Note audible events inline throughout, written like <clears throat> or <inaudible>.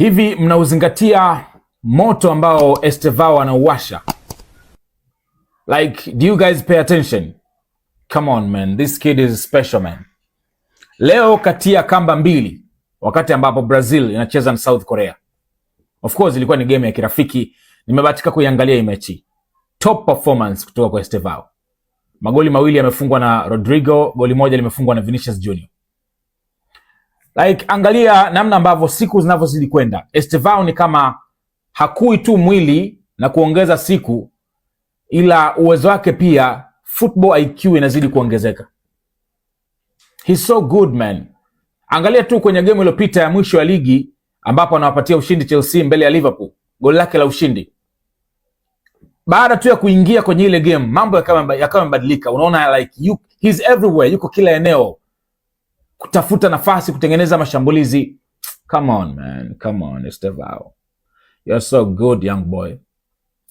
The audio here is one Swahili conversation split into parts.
Hivi mnauzingatia moto ambao Estevao anauwasha? Like do you guys pay attention? Come on man, this kid is special man. Leo katia kamba mbili wakati ambapo Brazil inacheza na South Korea. Of course ilikuwa ni game ya kirafiki, nimebahatika kuiangalia hii mechi. Top performance kutoka kwa Estevao. Magoli mawili yamefungwa na Rodrigo, goli moja limefungwa na Vinicius Junior like, angalia namna ambavyo siku zinavyozidi kwenda, Estevao ni kama hakui tu mwili na kuongeza siku, ila uwezo wake pia football IQ inazidi kuongezeka. He's so good man. Angalia tu kwenye gemu iliyopita ya mwisho ya ligi ambapo anawapatia ushindi Chelsea mbele ya Liverpool, goli lake la ushindi. Baada tu ya kuingia kwenye ile game, mambo yakawa yamebadilika. Unaona like you, he's everywhere, yuko kila eneo kutafuta nafasi, kutengeneza mashambulizi. Come on man, come on Estevao, youare so good young boy,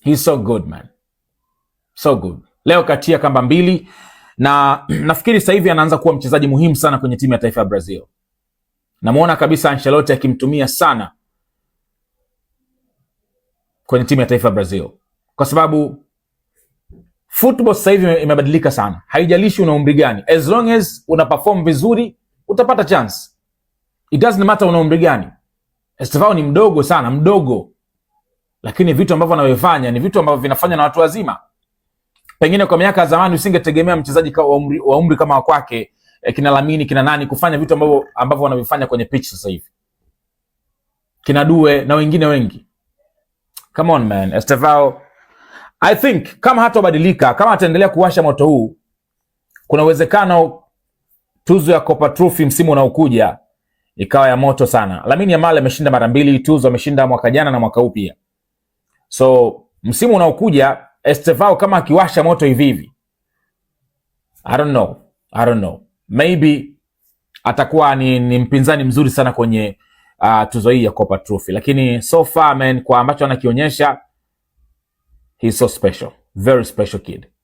he's so good man, so good. Leo katia kamba mbili na <clears throat> nafikiri sasa hivi anaanza kuwa mchezaji muhimu sana kwenye timu ya taifa ya Brazil. Namwona kabisa anshelote akimtumia sana kwenye timu ya taifa ya Brazil kwa sababu football sasa hivi imebadilika sana, haijalishi una umri gani, as long as una perform vizuri utapata chance. It doesn't matter una umri gani. Estevao ni mdogo sana, mdogo, lakini vitu ambavyo anavyofanya ni vitu ambavyo vinafanywa na watu wazima. Pengine kwa miaka ya zamani usingetegemea mchezaji wa umri, wa umri kama wakwake eh, kina Lamini kina nani kufanya vitu ambavyo ambavyo wanavyofanya kwenye pitch sasa hivi, kina Due na wengine wengi. Come on man, Estevao I think kama hatabadilika, kama ataendelea kuwasha moto huu, kuna uwezekano tuzo ya Copa Trophy msimu unaokuja ikawa ya moto sana. Lamine Yamal ameshinda mara mbili tuzo, ameshinda mwaka jana na mwaka huu pia. So msimu unaokuja Estevao kama akiwasha moto hivi hivi, I don't know, I don't know, maybe atakuwa ni, ni mpinzani mzuri sana kwenye uh, tuzo hii ya Copa Trophy, lakini so far man, kwa ambacho anakionyesha he's so special, very special kid.